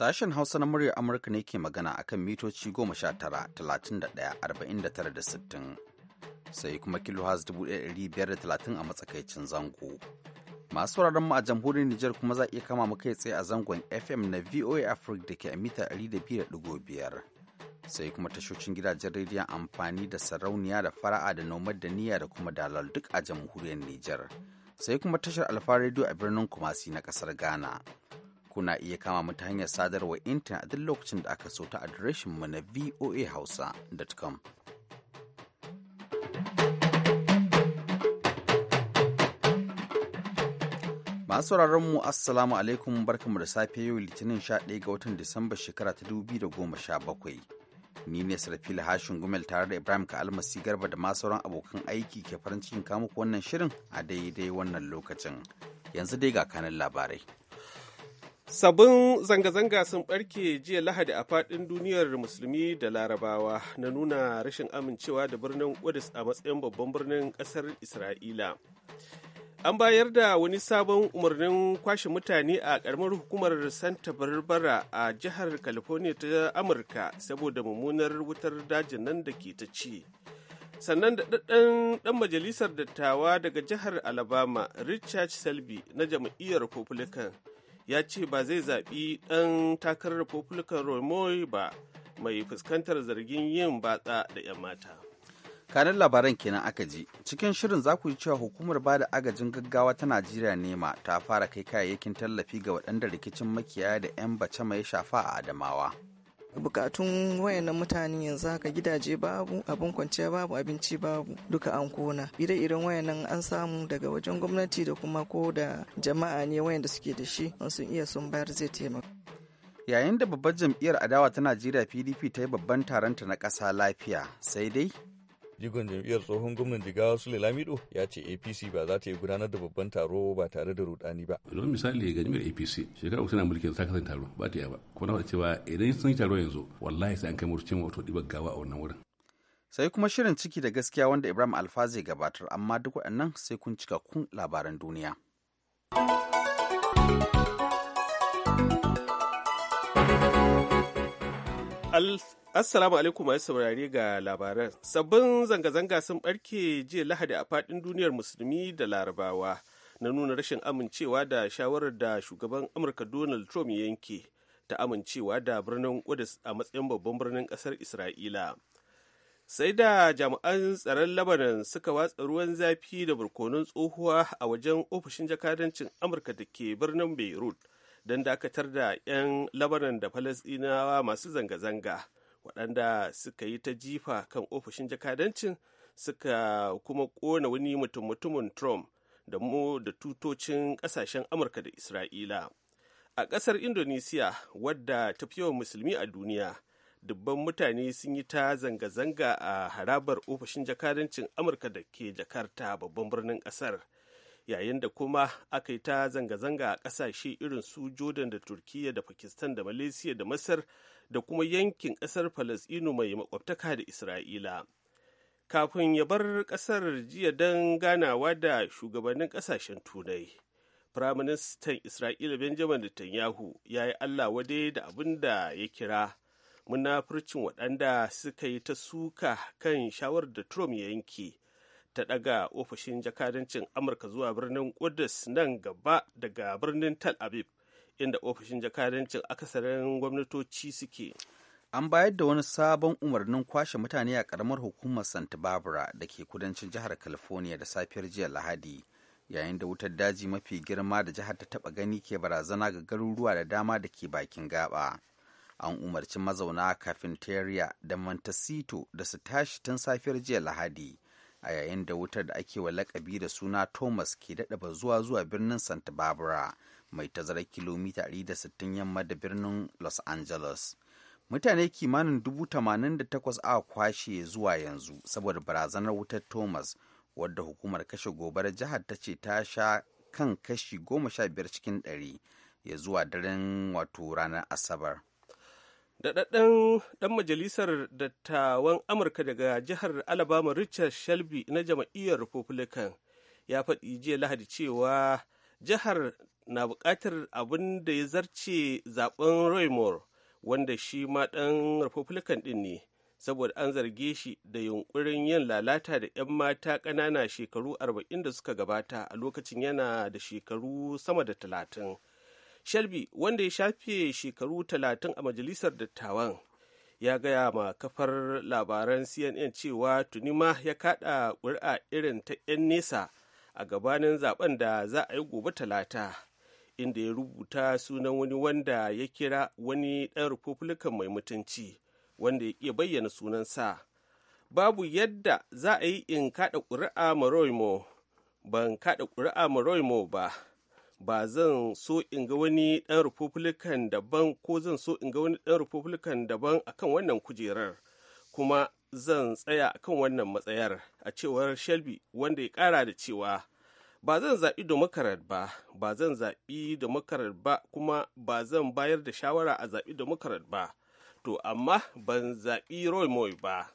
Sashen Hausa na muryar Amurka ne ke magana a kan mitoci 19-31-49-60 sai kuma kilohaz 1530 a matsakaicin zango. Masu wuraren mu a jamhuriyar Nijar kuma za a iya kama kai tsaye a zangon FM na VOA Africa da ke a mita 200.5. Sai kuma tashocin gidajen rediyon amfani da sarauniya da fara'a da nomad da niyya da kuma dalal duk a jamhuriyar Nijar. Sai kuma tashar Alfa rediyo a birnin Kumasi na kasar Ghana. kuna iya kama mu ta hanyar sadarwar intanet a duk lokacin da aka so ta adireshin mu na voahausa.com. Masu mu Assalamu alaikum barkamu da safe yau Litinin 11 ga watan Disamba shekara ta 2017. Ni ne Sarfila Hashin Gumel tare da Ibrahim Ka'almasi Garba da masu sauran abokan aiki ke farin cikin kamuku wannan shirin a daidai wannan lokacin. Yanzu dai ga kanin labarai. Sabon zanga-zanga sun barke jiya Lahadi a faɗin duniyar Musulmi da Larabawa na nuna rashin amincewa da birnin Qudus a matsayin babban birnin ƙasar Isra'ila. An bayar da wani sabon umarnin kwashe mutane a ƙaramar hukumar Santa Barbara a jihar California ta Amurka saboda mummunar wutar dajin nan da ke ta ci. sannan da ɗan majalisar dattawa daga jihar alabama richard selby na jam'iyyar republican ya ce ba zai zaɓi ɗan takarar republican romoy ba mai fuskantar zargin yin batsa da 'yan mata kanin labaran kenan aka ji cikin shirin za ku yi cewa hukumar ba da agajin gaggawa ta najeriya nema ta fara kai kayayyakin tallafi ga waɗanda rikicin makiyaya da 'yan bace mai shafa a adamawa bukatun wayannan mutane yanzu haka gidaje babu abin kwanciya babu abinci babu duka an kona ire-iren wayannan an samu daga wajen gwamnati da kuma ko da jama'a ne wayanda suke da shi sun iya sun bayar zai taimaka yayin da babbar jam'iyyar adawa ta najeriya pdp ta yi babban taronta na kasa lafiya sai dai jigon jam'iyyar tsohon gwamnan jigawa sule lamido ya ce apc ba za ta yi gudanar da babban taro ba tare da rudani ba don misali ga jami'ar apc shekara uku tana yanzu ta kasance taro ba ta yi ba kuma na cewa idan sun yi taro yanzu wallahi sai an kai murcin wato dibar gawa a wannan wurin sai kuma shirin ciki da gaskiya wanda ibrahim alfa zai gabatar amma duk waɗannan sai kun cika kun labaran duniya. Assalamu alaikum ya saurari ga labaran. Sabbin zanga-zanga sun barke jiya Lahadi a faɗin duniyar musulmi da larabawa na nuna rashin amincewa da shawarar da shugaban Amurka Donald Trump yanke ta amincewa da birnin Qudus a matsayin babban birnin ƙasar Isra'ila. Sai da jami'an tsaron Lebanon suka watsa ruwan zafi da barkonon tsohuwa a wajen ofishin jakadancin Amurka da ke birnin Beirut. don dakatar da 'yan labaran da falasɗinawa masu zanga-zanga waɗanda suka yi ta jifa kan ofishin jakadancin suka kuma ƙona wani mutum-mutumin trump da mu da tutocin ƙasashen amurka da isra'ila a ƙasar indonesiya wadda ta fi yawan musulmi a duniya dubban mutane sun yi ta zanga-zanga a harabar ofishin jakadancin amurka da ke jakarta babban birnin ƙasar. yayin da kuma aka yi ta zanga-zanga a ƙasashe irin su jordan da turkiya da pakistan da malaysia da masar da kuma yankin ƙasar falasɗinu mai makwabtaka da isra'ila kafin ya bar ƙasar jiya don ganawa da shugabannin ƙasashen turai firaministan isra'ila benjamin netanyahu ya yi allah wade da abin da ya kira munafurcin waɗanda suka yi ta suka kan shawar da trump ya yanke ta ɗaga ofishin jakadancin amurka zuwa birnin kudus nan gaba daga birnin tel aviv inda ofishin jakadancin akasarin gwamnatoci suke an bayar da wani sabon umarnin kwashe mutane a karamar hukumar santa barbara da ke kudancin jihar california da safiyar jiya lahadi yayin da wutar daji mafi girma da jihar ta taba gani ke barazana ga garuruwa da dama da ke bakin gaba an umarci mazauna kafin da montecito da su tashi tun safiyar jiya lahadi a yayin da wutar da ake wa lakabi da suna thomas ke daɗa zuwa zuwa birnin santa barbara mai tazarar kilomita 160 yamma da birnin los angeles mutane kimanin 88,000 aka kwashe zuwa yanzu saboda barazanar wutar thomas wadda hukumar kashe gobarar jihar ta ce ta sha kan kashi 15 cikin 100 ya zuwa daren wato ranar asabar daɗaɗɗen ɗan majalisar dattawan amurka daga jihar alabama richard shelby na jam'iyyar republican ya faɗi jiya lahadi cewa jihar na buƙatar abin da ya zarce zaben roy moore wanda shi ma ɗan republican ɗin ne saboda an zarge shi da yunƙurin yin lalata da 'yan mata ƙanana shekaru 40 da suka gabata a lokacin yana da shekaru sama da talatin. shelby wanda ya shafe shekaru talatin a majalisar dattawan ya gaya ma kafar labaran cnn cewa tuni ma ya kada ƙuri'a irin ta 'yan nesa a gabanin zaben da za a yi gobe talata inda ya rubuta sunan wani wanda ya kira wani ɗan republican mai mutunci wanda ya iya bayyana sunan sa babu yadda za a yi in kada ƙuri'a maroimo ban kada ƙuri'a maroimo ba ba zan so in ga wani ɗan republican daban ko zan so in ga wani ɗan republican daban akan wannan kujerar kuma zan tsaya akan wannan matsayar a cewar shelby wanda ya ƙara da cewa ba zan zaɓi demokarat ba ba zan zaɓi demokarat ba kuma ba zan bayar da shawara a zaɓi demokarat ba to amma ban zaɓi roy moy ba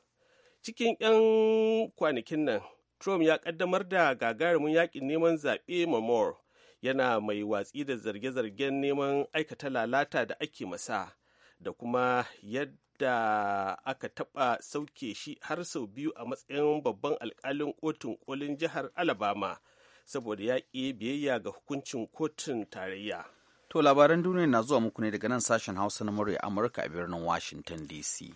cikin 'yan kwanakin nan trump ya ƙaddamar da gagarumin yaƙin neman zaɓe mamor yana mai watsi da zarge-zargen neman aikata lalata da ake masa da kuma yadda aka taɓa sauke shi har sau biyu a matsayin babban alkalin kotun kolin jihar alabama saboda ya biyayya ga hukuncin kotun tarayya to labaran duniya na zuwa muku ne daga nan sashen hausa na murya amurka a birnin washington dc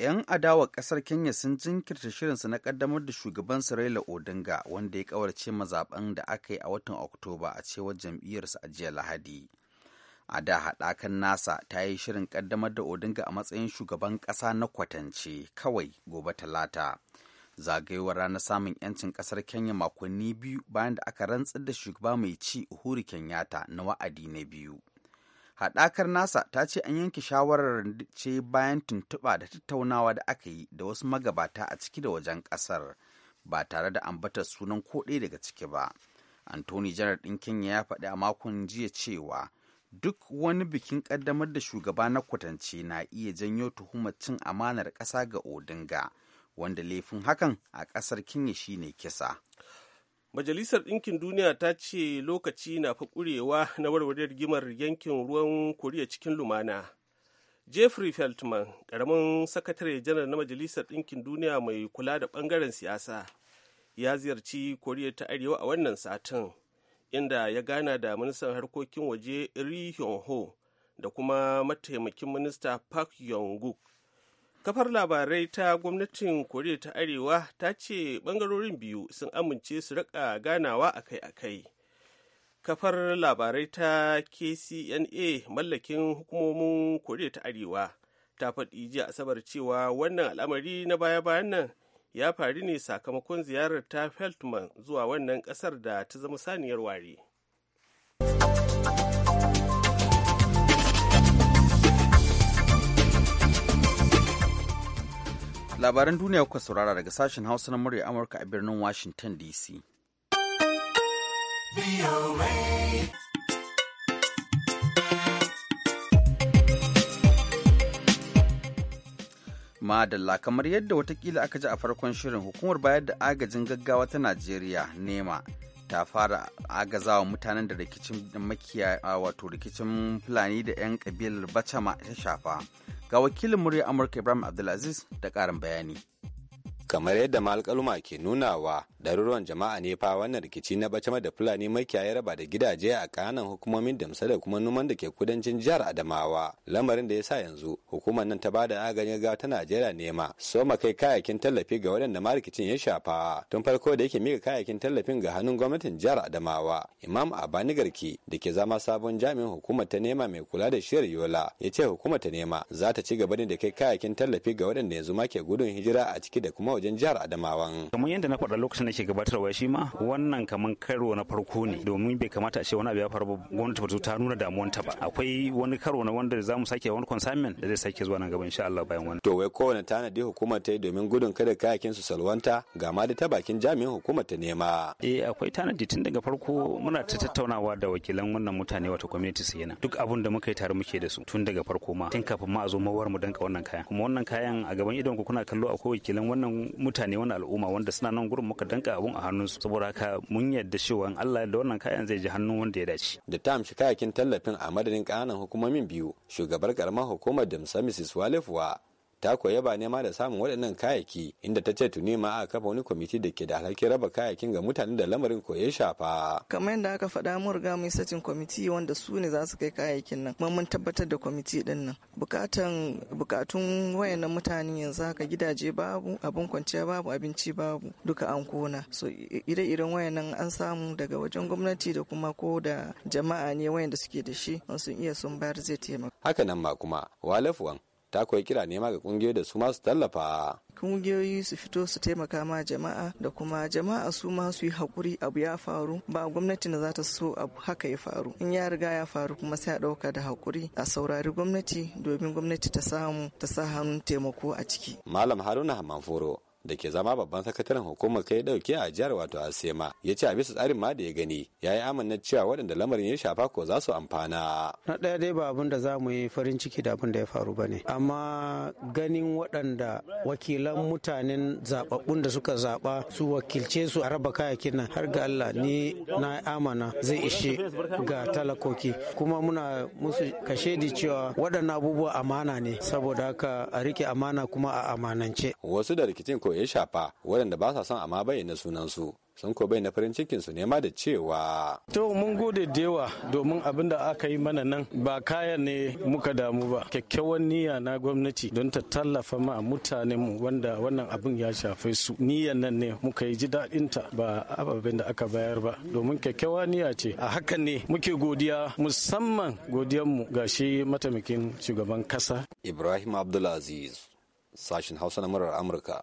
'yan adawa kasar kenya sun jinkirta shirinsu na kaddamar da shugaban raila odinga wanda ya kawarce mazaben da aka yi a watan oktoba a cewar jam'iyyarsa a jiya lahadi a da haɗakan nasa ta yi shirin kaddamar da odinga a matsayin shugaban ƙasa na kwatance kawai gobe talata zagayowar ranar samun 'yancin ƙasar kenya makonni biyu bayan da aka rantsar da shugaba mai ci uhuru kenyatta na wa'adi na biyu haɗakar nasa ta ce an yanke shawarar ce bayan tuntuɓa da tattaunawa da aka yi da wasu magabata a ciki da wajen ƙasar ba tare da ambatar sunan ko daga ciki ba antoni janar ɗin kenya ya faɗi a makon jiya cewa duk wani bikin ƙaddamar da shugaba na kwatance na iya janyo tuhumar cin amanar ƙasa ga odinga wanda laifin hakan a ƙasar kenya shine kisa majalisar ɗinkin duniya ta ce lokaci na fi ƙurewa na warware rigimar yankin ruwan koriya cikin lumana jeffrey feltman ƙaramin sakatare janar na majalisar ɗinkin duniya mai kula da ɓangaren siyasa ya ziyarci koriya ta arewa a wannan satin inda ya gana da ministan harkokin waje ri ho da kuma mataimakin minista park yong-guk kafar labarai ta gwamnatin koriya ta arewa ta ce bangarorin biyu sun amince su rika ganawa akai-akai kafar labarai ta kcna mallakin hukumomin koriya ta arewa ta faɗi jiya asabar cewa wannan al'amari na baya-bayan nan ya faru ne sakamakon ziyarar ta feltman zuwa wannan ƙasar da ta zama saniyar ware Labaran duniya kuka saurara daga sashen Hausa na murya Amurka a birnin Washington DC. Madalla kamar yadda watakila aka ji a farkon shirin hukumar bayar da agajin gaggawa ta Najeriya nema ta fara agazawa mutanen da rikicin makiya wato rikicin fulani da 'yan kabilar bacama ta shafa ga wakilin murya amurka ibrahim abdulaziz da karin bayani kamar yadda malkaluma ke nunawa daruruwan jama'a ne fa wannan rikici na bacama da fulani makiyaya raba da gidaje a kananan hukumomin damsa da kuma numan da ke kudancin jihar adamawa lamarin da ya sa yanzu hukumar nan ta bada agani ga ta najeriya nema soma kai kayakin tallafi ga waɗanda ma rikicin ya shafa tun farko da yake mika kayakin tallafin ga hannun gwamnatin jihar adamawa imam abani garki da ke zama sabon jami'in hukumar ta nema mai kula da shiyar yola ya ce hukumar ta nema za ta ci gaba ne da kai kayakin tallafi ga waɗanda yanzu ma ke gudun hijira a ciki da kuma wajen jihar Adamawan. Kamar yadda na faɗa lokacin da ke gabatarwa shi ma wannan kamar karo na farko ne domin bai kamata a ce wani abu ya faru ba gwamnati ta nuna damuwanta ba. Akwai wani karo na wanda za mu sake wani consignment da zai sake zuwa nan gaba insha Allah bayan wani. To wai kowane tanadi hukumar ta yi domin gudun kada kayakin su salwanta ga ma da ta bakin jami'in hukumar ta nema. Eh akwai tanadi tun daga farko muna ta tattaunawa da wakilan wannan mutane wato community yana duk abun da muka yi tare muke da su tun daga farko ma tun kafin ma a zo mawar mu danka wannan kayan kuma wannan kayan a gaban idon ku kuna kallo akwai wakilan wannan mutane wani al'umma wanda suna nan gurin muka danka abun a hannunsu saboda haka mun yarda cewa in Allah da wannan kayan zai ji hannun wanda ya dace da ta amshi kayakin tallafin a madadin kananan hukumomin biyu shugabar karamar hukumar da Mrs. Walefuwa ta koya ba nema da samun waɗannan kayayyaki inda ta ce tuni ma aka kafa wani kwamiti da ke da alhakin raba kayakin ga mutanen da lamarin koye shafa. Kamar yadda aka faɗa mun riga mu sacin kwamiti wanda su ne za su kai kayayyakin nan mun tabbatar da kwamiti din nan bukatan bukatun wayannan mutane yanzu haka gidaje babu abin kwanciya babu abinci babu duka an kona so ire-iren wayannan an samu daga wajen gwamnati da kuma ko da jama'a ne wayanda suke da shi sun iya sun bayar zai taimaka haka nan ma kuma walafuwan ta koyi kira nema ga kungiyoyi da su masu tallafa kungiyoyi su fito su taimaka ma jama'a da kuma jama'a su ma yi hakuri abu ya faru ba gwamnati na zata so abu haka ya faru in ya riga ya faru kuma sai a ɗauka da hakuri a saurari gwamnati domin gwamnati ta samu ta sa hannun taimako a ciki malam haruna hammanforo da ke zama babban sakataren hukumar kai dauke a jihar wato asema ya ce a bisa tsarin ma da ya gani ya yi amana cewa waɗanda lamarin ya shafa ko za su amfana na ɗaya dai ba abin da za mu yi farin ciki da abin da ya faru ba ne amma ganin waɗanda wakilan mutanen zaɓaɓɓun da suka zaɓa su wakilce su a raba kayakin nan har ga allah ni na amana zai ishe ga talakoki kuma muna musu kashe di cewa waɗannan abubuwa amana ne saboda haka a rike amana kuma a amanance wasu da rikicin ko ko ya shafa waɗanda ba sa son amma bayyana sunansu sun ko bai na farin cikin su nema da cewa to mun gode da yawa domin abin da aka yi mana nan ba kaya ne muka damu ba kyakkyawan niyya na gwamnati don ta tallafa ma mutanen mu wanda wannan abin ya shafe su niyyan nan ne muka yi ji daɗin ta ba ababen da aka bayar ba domin kyakkyawan niyya ce a haka ne muke godiya musamman godiyan mu ga shi mataimakin shugaban kasa Ibrahim Abdulaziz sashin Hausa na murar Amurka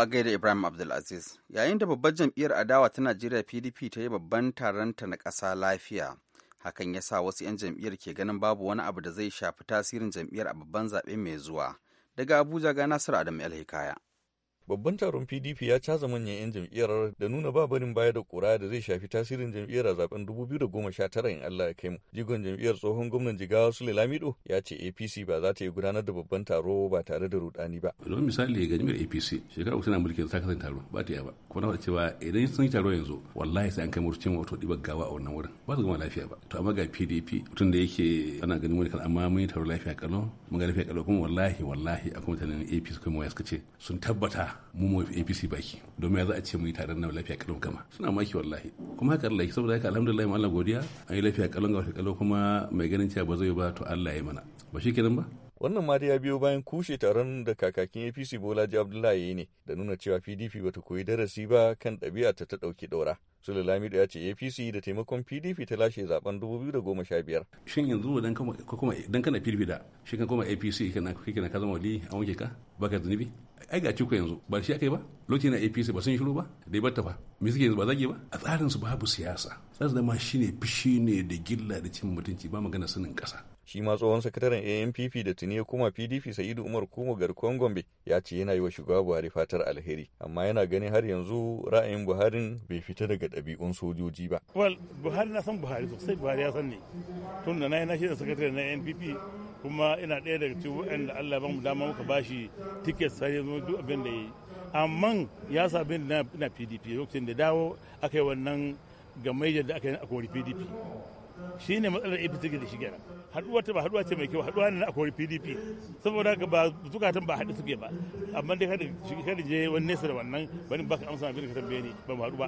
a gaida Ibrahim Abdulaziz. Yayin da babbar jam'iyyar adawa ta Najeriya PDP ta yi babban taronta na ƙasa lafiya. Hakan ya sa wasu 'yan jam'iyyar ke ganin babu wani abu da zai shafi tasirin jam'iyyar a babban zaɓe mai zuwa. Daga Abuja ga Nasiru Adamu El Hikaya. babban taron pdp ya caza manyan 'yan jam'iyyar da nuna ba barin baya da kura da zai shafi tasirin jam'iyyar a zaben 2019 in allah ya kai mu jigon jam'iyyar tsohon gwamnan jigawa sule lamido ya ce apc ba za ta yi gudanar da babban taro ba tare da rudani ba don misali ga jami'ar apc shekara uku tana mulki ta kasance taro ba ta yi ba kuma na cewa idan sun yi taro yanzu wallahi sai an kai murcin wato ɗibar gawa a wannan wurin ba su gama lafiya ba to amma ga pdp mutum da yake ana ganin wani kan amma mun yi taro lafiya kano mun ga lafiya kano kuma wallahi wallahi akwai mutanen apc kuma ya suka ce sun tabbata mu mu APC baki domin ya za a ce mu yi taron nan lafiya kalon gama suna maki wallahi kuma haka Allah saboda haka alhamdulillah mu Allah godiya an yi lafiya kalon gama kalon kuma mai ganin cewa ba zai ba to Allah ya mana ba shi kenan ba wannan ma ya biyo bayan kushe taron da kakakin apc bolaji abdullahi ne da nuna cewa pdp bata koyi darasi ba kan ɗabi'a ta ta ɗauki ɗora Sule Lamido ya ce APC da taimakon PDP ta lashe zaben 2015. Shin yanzu dan dan kana PDP da shi kan kuma APC kana ka zama wali an wanke ka baka zunubi ai ga ciko yanzu ba shi akai ba lokacin na APC ba sun shiru ba dai batta ba me suke yanzu ba zage ba a tsarin su babu siyasa tsarin da ma shine fishi ne da gilla da cin mutunci ba magana sanin kasa shi ma tsohon sakataren ANPP da tuni ya kuma PDP Sa'idu Umar Kuma garkuwan Gombe ya ce yana yi wa shugaba Buhari fatar alheri amma yana ganin har yanzu ra'ayin buhari bai fita daga ɗabi'un sojoji ba. Well Buhari na san Buhari sosai Buhari ya san ne tun da na yi na da sakataren na ANPP kuma ina ɗaya daga cikin da Allah ya bamu dama muka shi tiket sai ya zo duk abin da ya yi amma ya sabi na PDP lokacin da dawo aka yi wannan gamayyar da aka yi a kori PDP shi ne matsalar apc da shi kenan haduwa ta ba haduwa ce mai kyau haduwa ne na akwai pdp saboda ka ba zukatan ba haɗu suke ba amma dai kada kada je wani nesa da wannan ba baka amsa abin da ka tambaye ni ba mu haɗu ba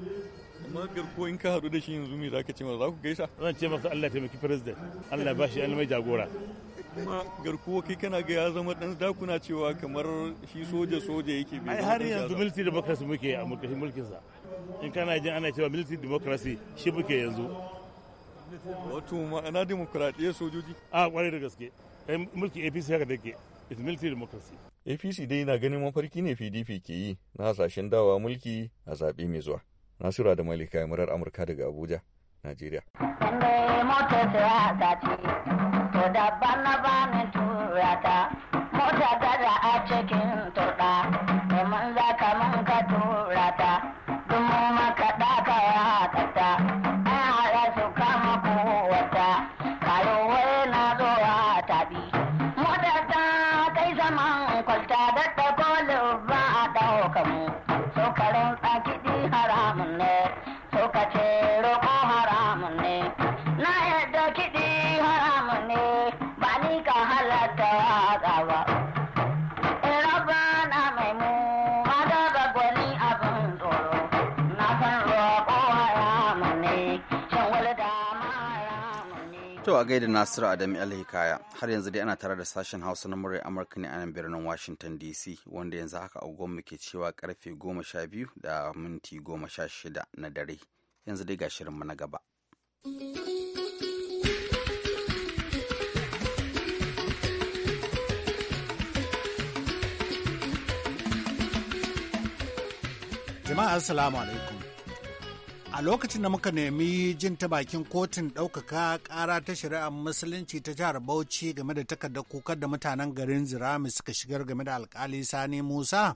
amma garko in ka haɗu da shi yanzu me zaka ce masa za ku gaisa zan ce masa Allah ya taimaki president Allah ba shi mai jagora kuma garkuwa kai kana ga ya zama dan dakuna cewa kamar shi soja soja yake bi har yanzu military democracy muke a mulkin sa in kana jin ana cewa military democracy shi muke yanzu wato ma'ana demokuraɗiyya sojoji a kwarai da gaske mulki apc haka da ke it's military democracy apc dai na ganin mafarki ne pdp ke yi na hasashen dawa mulki a zaɓe mai zuwa nasira da malika murar amurka daga abuja najeriya mota da a cikin turɗa domin a gaida Nasiru Adami Alhikaya har yanzu dai ana tare da sashen Hausa na murai Amurka ne a nan birnin Washington DC wanda yanzu haka agogon ke cewa karfe goma sha biyu da minti goma sha shida na dare yanzu dai ga shirinmu na gaba. Jama'a Assalamu alaikum. a lokacin da muka nemi jin ta bakin kotun ɗaukaka ƙara ta shari'ar musulunci ta jihar bauchi game da takardar kukar da mutanen garin zirami suka shigar game da alkali sani musa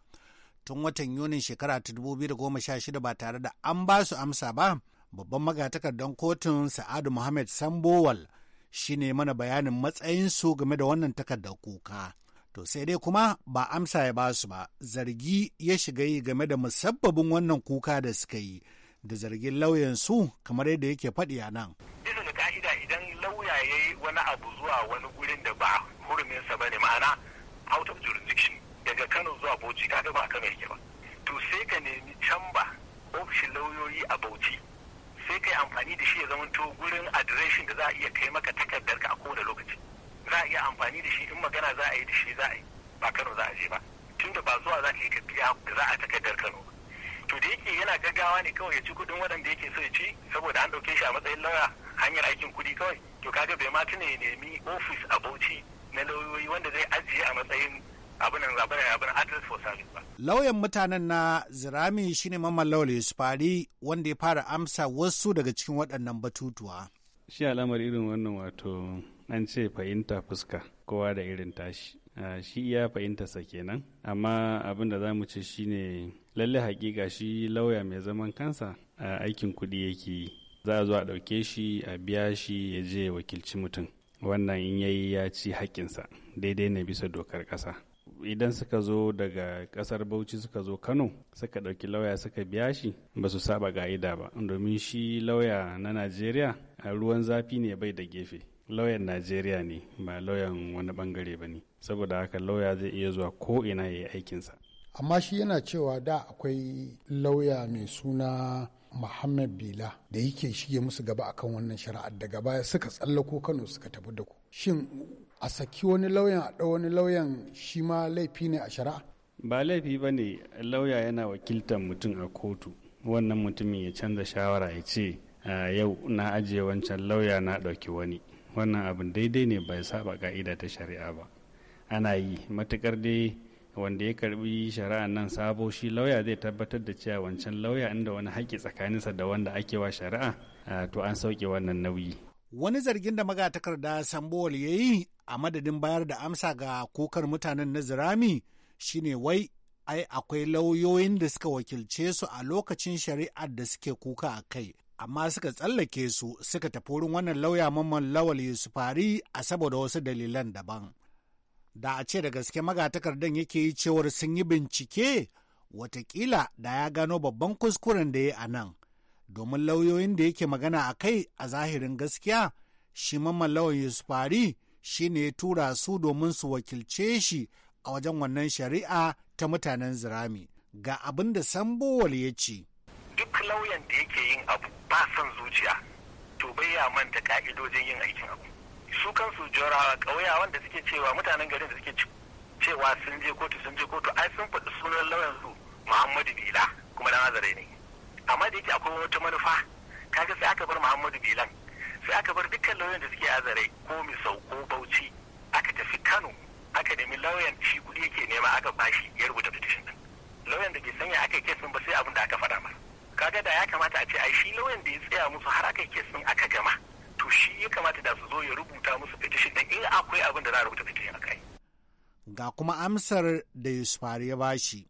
tun watan yunin shekara ta 2016 ba tare da an ba su amsa ba babban magatakardar kotun sa'adu muhammad sambowal shi ne mana bayanin matsayinsu game da wannan takardar kuka to sai dai kuma ba amsa ya ba su ba zargi ya shiga yi game da musabbabin wannan kuka da suka yi da zargin lauyansu kamar yadda yake faɗi a nan. da ka'ida idan lauya ya yi wani abu zuwa wani gurin da ba huruminsa ba ne ma'ana out of jurisdiction daga Kano zuwa Bauchi kaga ba Kano yake ba. To sai ka nemi can ba ofishin lauyoyi a Bauchi sai ka yi amfani da shi ya zamanto gurin adireshin da za a iya kai maka takardar ka a kowane lokaci. Za a iya amfani da shi in magana za a yi da shi za a yi ba Kano za a je ba. Tunda ba zuwa za ka yi ka biya za a takardar Kano to da yake yana gaggawa ne kawai ya ci kuɗin waɗanda yake so ya ci saboda an ɗauke shi a matsayin lauya hanyar aikin kuɗi kawai to kaga bai ma tuna ya nemi ofis a bauchi na lauyoyi wanda zai ajiye a matsayin abinan zaɓen abin address for service ba. Lauyan mutanen na Zirami shine Mamman Lawal fari wanda ya fara amsa wasu daga cikin waɗannan batutuwa. Shi alamar irin wannan wato an ce fahimta fuska kowa da irin tashi. Ah, shi iya fahimtarsa kenan, amma abin da za mu ce shine lalle hakika shi lauya mai zaman kansa a aikin kuɗi yake yi za a zo a ɗauke shi a biya shi ya je ya wakilci mutum wannan in yayi ya ci haƙƙinsa daidai na bisa dokar ƙasa idan suka zo daga ƙasar bauchi suka zo kano suka ɗauki lauya suka biya shi ba su saba ga'ida ba domin shi lauya na najeriya a ruwan zafi ne bai da gefe lauyan najeriya ne ba lauyan wani bangare ba ne saboda haka lauya zai iya zuwa ko ina ya yi aikinsa amma shi yana cewa da akwai lauya mai suna Muhammad Bila da yake shige musu gaba akan wannan shari'ar daga baya suka tsallako Kano suka tafi da ku. Shin a saki wani lauyan a ɗau wani lauyan shi ma laifi ne a shari'a? Ba laifi ba ne lauya yana wakiltar mutum a kotu. Wannan mutumin ya canza shawara ya ce yau na ajiye wancan lauya na ɗauki wani. Wannan abin daidai ne bai saba ka'ida ta shari'a ba. Ana yi matukar dai wanda ya karbi shari'a nan sabo shi lauya zai tabbatar da cewa wancan lauya inda wani haƙƙi tsakaninsa da wanda ake wa shari'a to an sauke wannan nauyi wani zargin da magatakarda sambol ya yi a madadin bayar da amsa ga kokar mutanen na zirami shine wai ai akwai lauyoyin da suka wakilce su a lokacin shari'ar da suke kuka a kai amma suka tsallake su suka tafi wurin wannan lauya mamman lawal yusufari a saboda wasu dalilan daban da a ce da gaske magatakardan yake yi cewar sun yi bincike watakila da ya gano babban kuskuren da ya a nan domin lauyoyin da yake magana a kai a zahirin gaskiya shi mamman yusufari shi ne ya tura su domin su wakilce shi a wajen wannan shari'a ta mutanen zirami ga abin da sambowal ya ce duk lauyan da yake yin abu ba son zuciya to bai ya manta ka'idojin yin aikin abu su kansu jarawa ƙauya wanda suke cewa mutanen garin da suke cewa sun je kotu sun je kotu ai sun faɗi sunan lauyansu muhammadu bila kuma da azare ne amma da yake akwai wata manufa kaga sai aka bar muhammadu bilan sai aka bar dukkan lauyan da suke azare ko misau ko bauchi aka tafi kano aka nemi lauyan shi kuɗi yake nema aka bashi ya rubuta petition din lauyan da ke sanya aka sun ba sai abin da aka faɗa masa kaga da ya kamata a ce ai shi lauyan da ya tsaya musu har aka sun aka gama to shi ya kamata da su zo ya rubuta musu fitishin da in akwai abin da za a rubuta fitishin a kai ga kuma amsar da Yusuf ya bashi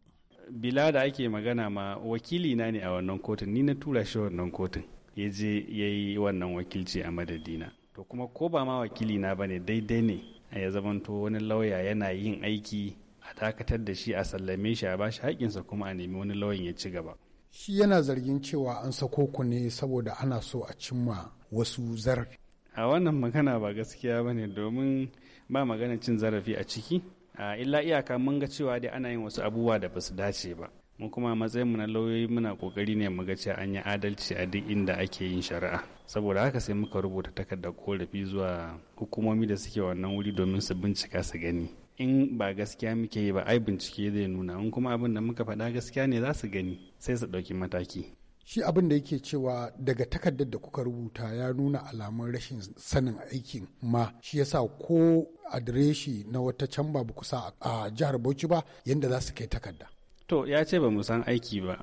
bila da ake magana ma wakili na ne a wannan kotun ni na tura shi wannan kotun ya je ya yi wannan wakilci a madadina to kuma ko ba ma wakili na ne daidai ne a ya zamanto wani lauya yana yin aiki a dakatar da shi a sallame shi a bashi haƙinsa kuma a nemi wani lauyan ya ci gaba shi yana zargin cewa an sako ku ne saboda ana so a cimma wasu zarafi a wannan magana ba gaskiya ba ne domin ba magana cin zarafi a ciki a illa iyaka mun ga cewa dai ana yin wasu abubuwa da ba su dace ba mu kuma matsayin mu na lauyoyi muna kokari ne mu ga cewa an yi adalci a duk inda ake yin shari'a saboda haka sai muka rubuta takardar korafi zuwa hukumomi da suke wannan wuri domin su bincika su gani in ba gaskiya muke yi ba ai bincike zai nuna in kuma abin da muka faɗa gaskiya ne za su gani sai su ɗauki mataki shi abin da yake cewa daga takardar da kuka rubuta ya nuna alamun rashin sanin aikin ma shi yasa ko adireshi na wata can ba kusa a jihar bauchi ba yadda za su kai takarda to ya ce ba mu san aiki ba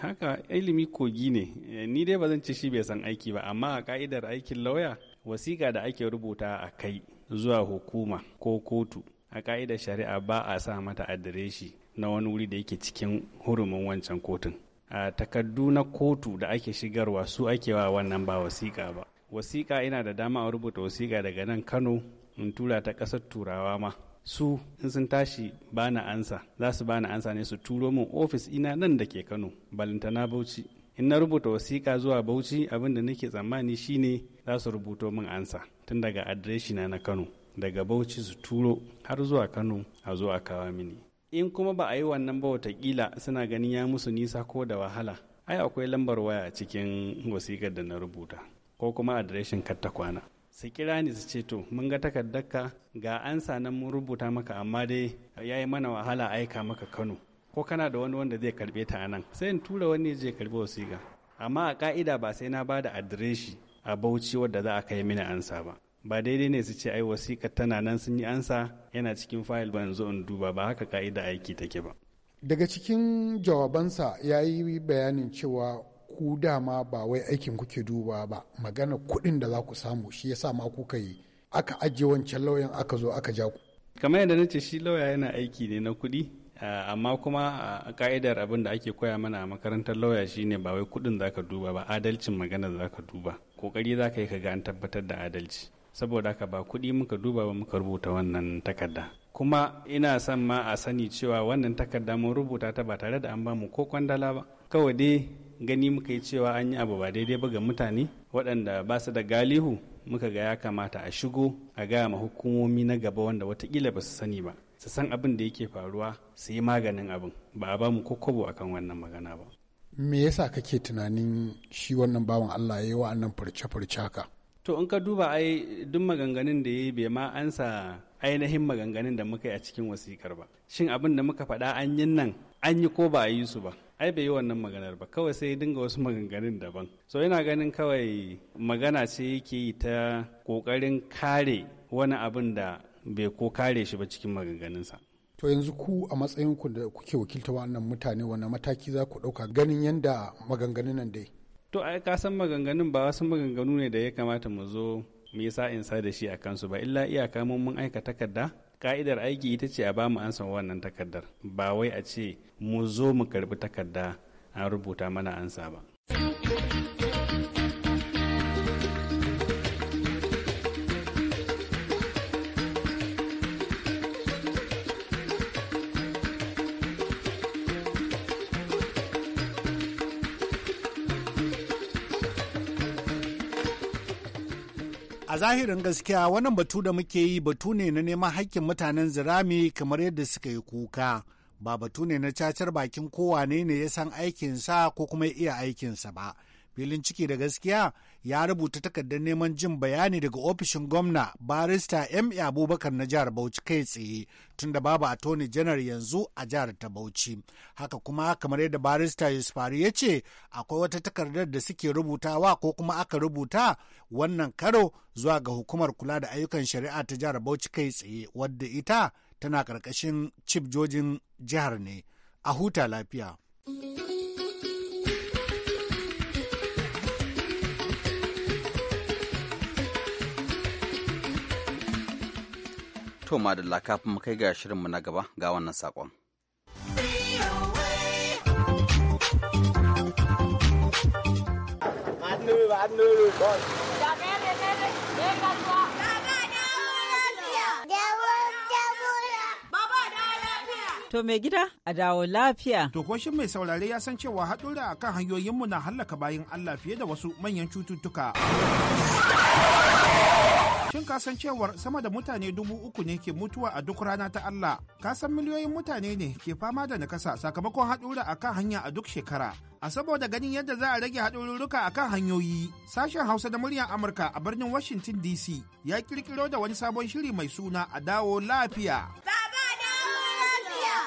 haka ilimi kogi ne ni dai ba zan ce shi bai san aiki ba amma a ka'idar aikin lauya wasiƙa da ake rubuta a kai zuwa hukuma ko kotu a ƙa'idar shari'a ba a sa mata adireshi na wani wuri da yake cikin hurumin wancan kotun a takardu na kotu da ake shigarwa su ake wa wannan ba wasiƙa ba wasiƙa ina da dama a rubuta wasiƙa daga nan kano in tura ta ƙasar turawa ma su in sun tashi bana ansa za su bana ansa ne su turo min ofis ina nan da ke kano balintana bauchi in na rubuta wasiƙa zuwa bauchi abin da nake tsammani shine za su rubuto min ansa tun daga adireshina na na kano daga bauchi su turo har zuwa kano a zo a kawo mini in kuma ba a yi wannan ba watakila suna ganin ya musu nisa ko da wahala ai akwai lambar waya a cikin wasiƙar da na rubuta ko kuma adireshin katta kwana su kira ni su ce to mun ga takardarka ga ansa nan mun rubuta maka amma dai ya yi mana wahala aika maka kano ko kana da wani wanda zai karbe ta nan sai in tura wani zai karbi wasiƙa amma a ka'ida ba sai na ba da adireshi a bauchi wadda za a kai mini ansa ba ba daidai ne su ce ai wasiƙa tana nan sun yi ansa yana cikin fayil ba yanzu in duba ba haka ka'ida aiki take ba daga cikin jawabansa ya yi bayanin cewa ku dama ba wai aikin kuke duba ba magana kuɗin da za ku samu shi yasa ma kuka yi aka ajiye wancan lauyan aka zo aka ja ku kamar yadda na ce shi lauya yana aiki ne na kuɗi Eh, amma kuma a eh, ka'idar abin da ake koya mana a makarantar lauya shine ba wai kudin zaka duba ba adalcin magana ka duba kokari zaka yi kaga an tabbatar da adalci saboda haka ba kudi muka duba ba muka rubuta wannan takarda kuma ina son ma a sani cewa wannan takarda mun rubuta ta ba tare da an ba mu ko kwandala ba kawai dai gani muka yi cewa an yi abu ba daidai ba ga mutane waɗanda ba su da galihu muka ga ya kamata a shigo a gaya ma hukumomi na gaba wanda watakila ba su sani ba su san abin da yake faruwa su yi maganin abin ba a ba mu kobo akan wannan magana ba me yasa kake tunanin shi wannan bawan Allah ya yi wa'annan furce-furce haka to in ka duba ai duk maganganun da ya yi bai ma ansa ainihin maganganun da muka yi a cikin wasikar ba shin abin da muka faɗa an yi nan an yi ko ba a yi su ba ai bai yi wannan maganar ba kawai sai dinga wasu maganganun daban so yana ganin kawai magana ce yake yi ta kokarin kare wani abin da bai ko kare shi ba cikin maganganunsa. To yanzu ku a matsayinku da kuke wakilta wannan mutane wani mataki za ku ɗauka ganin yadda maganganun nan dai? To ai ka san maganganun ba wasu maganganu ne da ya kamata mu zo mu yi sa'in sa da shi a kansu ba illa iyaka mun mun aika takarda ka'idar aiki ita ce a ba mu ansan wannan takardar ba wai a ce mu zo mu karbi takarda an rubuta mana ansa ba. A zahirin gaskiya wannan batu da muke yi batu ne na neman haƙƙin mutanen zirami kamar yadda suka yi kuka. Ba batu ne na cacar bakin kowane ne ya san aikinsa ko kuma iya aikinsa ba. Filin ciki da gaskiya ya rubuta takardar neman jin bayani daga ofishin gwamna barista M. Abubakar na jihar Bauchi kai tsaye tunda babu attorney janar yanzu a jihar ta Bauchi. Haka kuma kamar yadda barista Yusufari ya ce akwai wata takardar da suke rubutawa ko kuma aka rubuta wannan karo zuwa ga hukumar kula da ayyukan shari'a ta jihar Bauchi kai tsaye wadda ita tana karkashin cibjojin jihar ne. A huta lafiya. To madalla kafin mu kai ga shirinmu na gaba ga wannan saƙon. Annu, ba. To mai gida a dawo lafiya. To ko mai saurare ya san cewa haɗura akan hanyoyinmu na hallaka bayan Allah fiye da wasu manyan cututtuka. Shin ka san cewar sama da mutane dubu uku ne ke mutuwa a duk rana ta Allah? Ka san miliyoyin mutane ne ke fama da nakasa sakamakon haɗura kan hanya a duk shekara. a saboda ganin yadda za a rage haɗarurruka a kan hanyoyi sashen hausa da muryar amurka a birnin washington dc ya ƙirƙiro da wani sabon shiri mai suna a dawo lafiya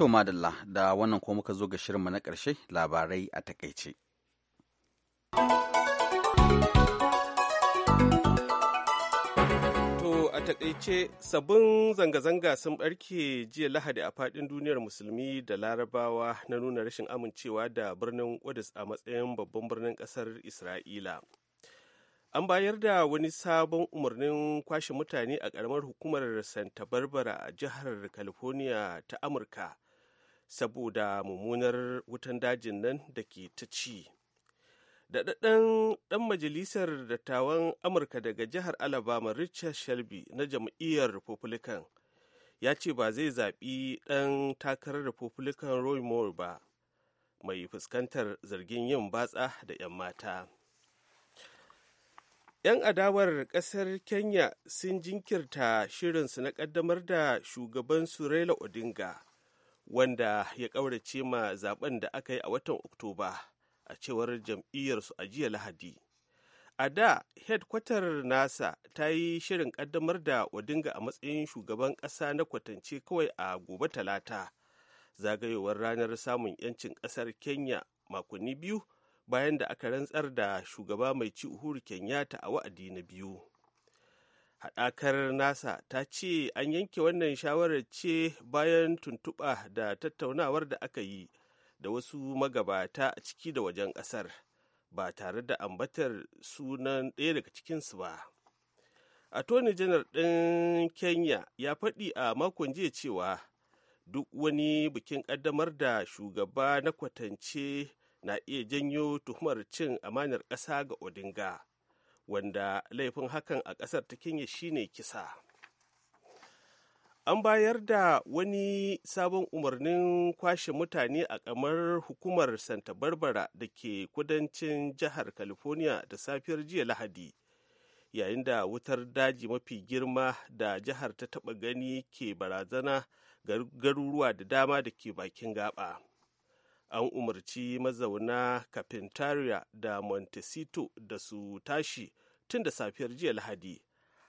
To madalla da wannan kuma muka zo ga shirinmu na ƙarshe labarai a takaice. to a takaice sabbin zanga-zanga sun barke jiya lahadi a faɗin duniyar musulmi da larabawa na nuna rashin amincewa da birnin Qudus a matsayin babban birnin kasar isra'ila an bayar da wani sabon umarnin kwashe mutane a ƙaramar hukumar santa barbara a jihar california ta amurka saboda mummunar wutan dajin nan da ke ta ci daɗaɗɗen ɗan majalisar dattawan amurka daga jihar alabama richard shelby na jam'iyyar republican ya ce ba zai zaɓi ɗan takarar republican roy moore ba mai fuskantar zargin yin batsa da 'yan mata 'yan adawar ƙasar kenya sun jinkirta shirinsu na ƙaddamar da shugaban su raila odinga wanda ya ƙaurace ma zaben da aka yi a watan oktoba a cewar jam'iyyarsu a jiya lahadi a da hedkwatar nasa ta yi shirin kaddamar da wadinga a matsayin shugaban ƙasa na kwatance kawai a gobe talata zagayowar ranar samun 'yancin ƙasar kenya makonni biyu bayan da aka rantsar da shugaba mai ci uhuru kenyatta a wa'adi na biyu haɗakar nasa ta ce an yanke wannan shawarar ce bayan tuntuɓa da tattaunawar da aka yi da wasu magabata a ciki da wajen ƙasar ba tare da ambatar sunan ɗaya daga cikinsu ba attorney janar ɗin kenya ya faɗi a makon jiya cewa duk wani bikin ƙaddamar da shugaba na kwatance na iya janyo tuhumar cin amanar ƙasa ga odinga wanda laifin hakan a ƙasar ta kenya shine kisa an bayar da wani sabon umarnin kwashe mutane a kamar hukumar santa barbara da ke kudancin jihar california da safiyar jiya lahadi yayin da wutar daji mafi girma da jihar ta taba gani ke barazana garuruwa da dama da ke bakin gaba an umarci mazauna kafintaria da Montecito da su tashi tun da safiyar jiya Lahadi,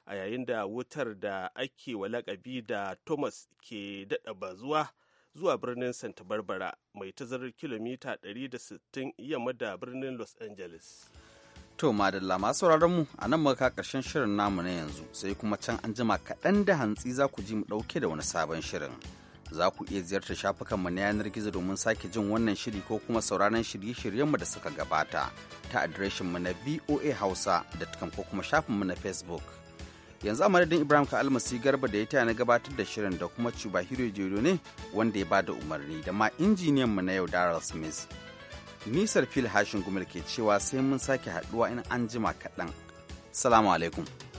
a yayin da wutar da ake walakabi da Thomas ke daɗa bazuwa zuwa birnin Santa Barbara mai tazarar kilomita 160 yamma da birnin Los Angeles. To madalla masu mu a nan maka ƙarshen shirin namu na yanzu sai kuma can an jima kaɗan da hantsi za ku ji mu ɗauke da wani sabon shirin. za ku iya ziyartar shafukanmu na yanar gizo domin sake jin wannan shiri ko kuma sauraron shirye-shiryenmu da suka gabata ta adireshinmu na Hausa voa da ko kuma shafinmu na facebook yanzu a madadin ibrahim ka almasi garba da ya taya na gabatar da shirin da kuma cuba hiro ne wanda ya bada umarni da ma injiniyan mu na yau daryl smith nisar fil hashin gumil ke cewa sai mun sake haduwa in an jima kaɗan salamu alaikum